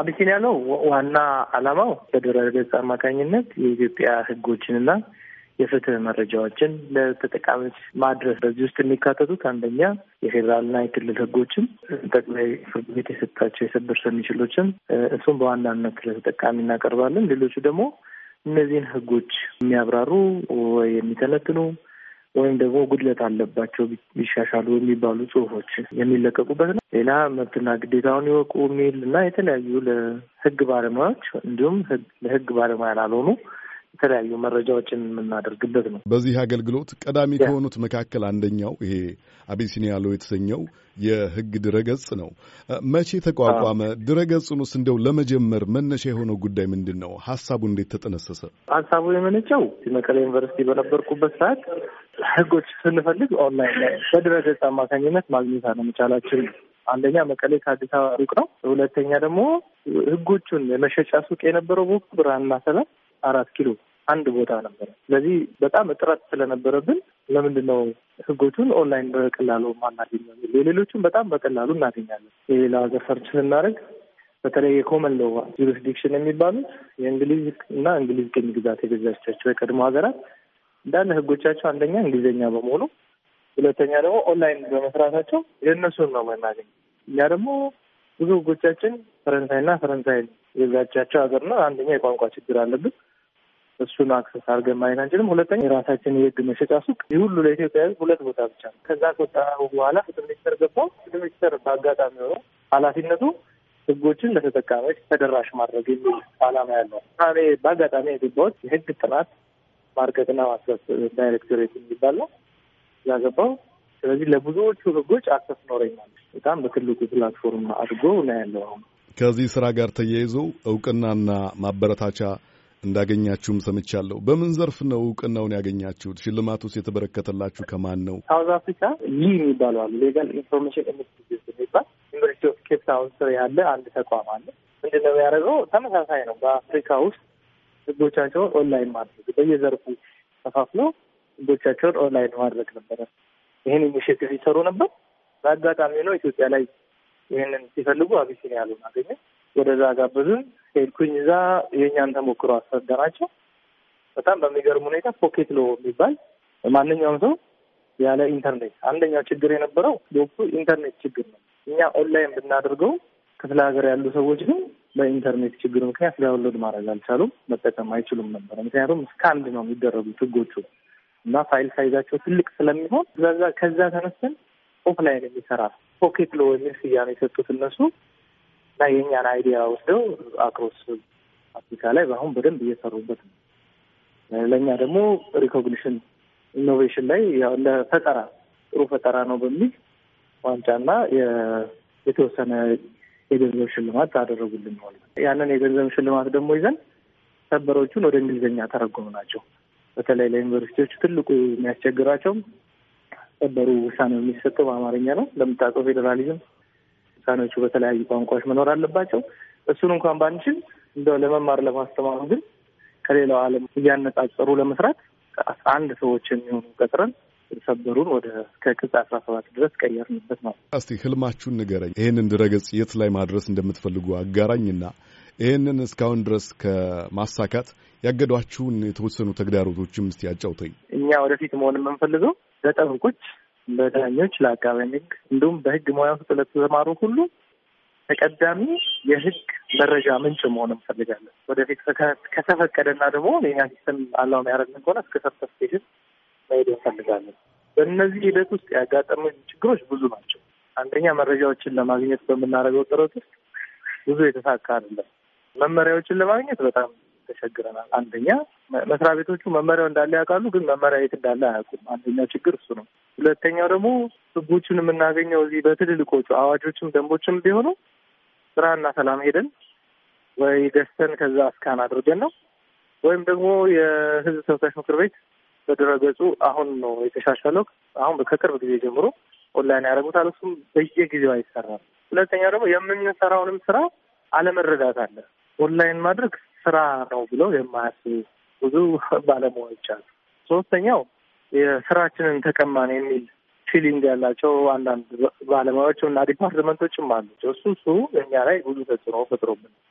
አቢሲኒያ ነው ዋና ዓላማው ገጽ አማካኝነት የኢትዮጵያ ሕጎችንና የፍትህ መረጃዎችን ለተጠቃሚዎች ማድረስ። በዚህ ውስጥ የሚካተቱት አንደኛ የፌዴራልና የክልል ሕጎችን ጠቅላይ ፍርድ ቤት የሰጣቸው የሰበር ሰሚ ችሎችን እሱም በዋናነት ለተጠቃሚ እናቀርባለን። ሌሎቹ ደግሞ እነዚህን ሕጎች የሚያብራሩ ወይ የሚተነትኑ ወይም ደግሞ ጉድለት አለባቸው ቢሻሻሉ የሚባሉ ጽሁፎች የሚለቀቁበት ነው። ሌላ መብትና ግዴታውን ይወቁ የሚል እና የተለያዩ ለህግ ባለሙያዎች እንዲሁም ለህግ ባለሙያ ላልሆኑ የተለያዩ መረጃዎችን የምናደርግበት ነው። በዚህ አገልግሎት ቀዳሚ ከሆኑት መካከል አንደኛው ይሄ አቢሲኒያ ሎ የተሰኘው የህግ ድረገጽ ነው። መቼ ተቋቋመ? ድረገጹን ውስጥ እንደው ለመጀመር መነሻ የሆነው ጉዳይ ምንድን ነው? ሀሳቡ እንዴት ተጠነሰሰ? ሀሳቡ የመነጨው መቀሌ ዩኒቨርሲቲ በነበርኩበት ሰዓት ህጎች ስንፈልግ ኦንላይን ላይ በድረገጽ አማካኝነት ማግኘት አለመቻላችን አንደኛ መቀሌ ከአዲስ አበባ ሩቅ ነው። ሁለተኛ ደግሞ ህጎቹን የመሸጫ ሱቅ የነበረው ቦ ብርሃንና ሰላም አራት ኪሎ አንድ ቦታ ነበረ። ስለዚህ በጣም እጥረት ስለነበረብን ለምንድን ነው ህጎቹን ኦንላይን በቀላሉ ማናገኘው? የሌሎቹን በጣም በቀላሉ እናገኛለን። የሌላ ሀገር ሰርች ስናደርግ በተለይ የኮመን ሎ ጁሪስዲክሽን የሚባሉት የእንግሊዝ እና እንግሊዝ ቅኝ ግዛት የገዛቻቸው የቀድሞ ሀገራት እንዳለ ህጎቻቸው አንደኛ እንግሊዝኛ በመሆኑ፣ ሁለተኛ ደግሞ ኦንላይን በመስራታቸው የእነሱን ነው የምናገኝ። እኛ ደግሞ ብዙ ህጎቻችን ፈረንሳይና ፈረንሳይ የገዛቻቸው ሀገር ነው። አንደኛ የቋንቋ ችግር አለብን። እሱን አክሰስ አድርገን ማየት አንችልም። ሁለተኛ የራሳችን የህግ መሸጫ ሱቅ ይህ ሁሉ ለኢትዮጵያ ህዝብ ሁለት ቦታ ብቻ ነው። ከዛ ከወጣ በኋላ ፍትህ ሚኒስተር ገባው። ፍትህ ሚኒስተር በአጋጣሚ ሆነው ኃላፊነቱ ህጎችን ለተጠቃሚዎች ተደራሽ ማድረግ የሚል አላማ ያለው በአጋጣሚ የገባሁት የህግ ጥናት ማርቀትና ማስረት ዳይሬክቶሬት የሚባል ነው። እዛ ስለዚህ ለብዙዎቹ ህጎች አክሰስ ኖረኛል። በጣም በትልቁ ፕላትፎርም አድርጎ ነው ያለው። ከዚህ ስራ ጋር ተያይዞ እውቅናና ማበረታቻ እንዳገኛችሁም ሰምቻለሁ። በምን ዘርፍ ነው እውቅናውን ያገኛችሁት? ሽልማት ውስጥ የተበረከተላችሁ ከማን ነው? ሳውዝ አፍሪካ ሊ ይህ አሉ ሌጋል ኢንፎርሜሽን ኢንስቲትዩት የሚባል ዩኒቨርሲቲ ኦፍ ኬፕ ታውን ስር ያለ አንድ ተቋም አለ። ምንድነው የሚያደርገው? ተመሳሳይ ነው። በአፍሪካ ውስጥ ህጎቻቸውን ኦንላይን ማድረግ በየዘርፉ ተፋፍሎ ህጎቻቸውን ኦንላይን ማድረግ ነበረ። ይህን ኢኒሽቲቭ ይሰሩ ነበር። በአጋጣሚ ነው ኢትዮጵያ ላይ ይህንን ሲፈልጉ አቢሲኒያ ያሉ አገኘ ወደዛ ጋበዙን። ሄድኩኝ እዛ የእኛን ተሞክሮ አስረዳናቸው። በጣም በሚገርም ሁኔታ ፖኬት ሎ የሚባል ማንኛውም ሰው ያለ ኢንተርኔት አንደኛው ችግር የነበረው በወቅቱ ኢንተርኔት ችግር ነው። እኛ ኦንላይን ብናደርገው ክፍለ ሀገር ያሉ ሰዎች ግን በኢንተርኔት ችግር ምክንያት ዳውንሎድ ማድረግ አልቻሉም፣ መጠቀም አይችሉም ነበር። ምክንያቱም ስካንድ ነው የሚደረጉት ህጎቹ እና ፋይል ሳይዛቸው ትልቅ ስለሚሆን ከዛ ተነስተን ኦፍላይን የሚሰራ ፖኬት ሎ የሚል ስያሜ የሰጡት እነሱ እና የእኛን አይዲያ ወስደው አክሮስ አፍሪካ ላይ አሁን በደንብ እየሰሩበት ነው። ለእኛ ደግሞ ሪኮግኒሽን ኢኖቬሽን ላይ እንደ ፈጠራ ጥሩ ፈጠራ ነው በሚል ዋንጫና የተወሰነ የገንዘብ ሽልማት አደረጉልን ነው። ያንን የገንዘብ ሽልማት ደግሞ ይዘን ሰበሮቹን ወደ እንግሊዝኛ ተረጎሙ ናቸው። በተለይ ለዩኒቨርሲቲዎች ትልቁ የሚያስቸግራቸው ሰበሩ ውሳኔ የሚሰጠው በአማርኛ ነው። ለምታውቀው ፌዴራሊዝም ውሳኔዎቹ በተለያዩ ቋንቋዎች መኖር አለባቸው። እሱን እንኳን ባንችል እንደው ለመማር ለማስተማሩ ግን ከሌላው ዓለም እያነጻጸሩ ለመስራት አስራ አንድ ሰዎች የሚሆኑ ቀጥረን ሰበሩን ወደ ከቅጽ አስራ ሰባት ድረስ ቀየርንበት ማለት ነው። እስቲ ህልማችሁን ንገረኝ። ይህንን ድረገጽ የት ላይ ማድረስ እንደምትፈልጉ አጋራኝና ይህንን እስካሁን ድረስ ከማሳካት ያገዷችሁን የተወሰኑ ተግዳሮቶችም እስቲ ያጫውተኝ። እኛ ወደፊት መሆን የምንፈልገው ዘጠኝ ለዳኞች፣ ለአቃቤ ሕግ እንዲሁም በህግ ሙያ ውስጥ ለተሰማሩ ሁሉ ተቀዳሚ የህግ መረጃ ምንጭ መሆን እንፈልጋለን። ወደፊት ከተፈቀደና ደግሞ የኛ ሲስተም አላው ያደረግን ከሆነ እስከ ሰርተፍኬሽን መሄድ እንፈልጋለን። በእነዚህ ሂደት ውስጥ ያጋጠሙ ችግሮች ብዙ ናቸው። አንደኛ መረጃዎችን ለማግኘት በምናደርገው ጥረት ውስጥ ብዙ የተሳካ አይደለም። መመሪያዎችን ለማግኘት በጣም ተቸግረናል። አንደኛ መስሪያ ቤቶቹ መመሪያው እንዳለ ያውቃሉ፣ ግን መመሪያ የት እንዳለ አያውቁም። አንደኛው ችግር እሱ ነው። ሁለተኛው ደግሞ ህጎቹን የምናገኘው እዚህ በትልልቆቹ አዋጆችም ደንቦችም ቢሆኑ ስራና ሰላም ሄደን ወይ ገዝተን ከዛ እስካን አድርገን ነው ወይም ደግሞ የህዝብ ተወካዮች ምክር ቤት በድረገጹ አሁን ነው የተሻሻለው። አሁን ከቅርብ ጊዜ ጀምሮ ኦንላይን ያደረጉታል። እሱም በየጊዜው አይሰራም። ሁለተኛው ደግሞ የምንሰራውንም ስራ አለመረዳት አለ። ኦንላይን ማድረግ ስራ ነው ብለው የማያስቡ ብዙ ባለሙያዎች አሉ። ሶስተኛው የስራችንን ተቀማን የሚል ፊሊንግ ያላቸው አንዳንድ ባለሙያዎች እና ዲፓርትመንቶችም አሉ። እሱ እሱ እኛ ላይ ብዙ ተጽዕኖ ፈጥሮብን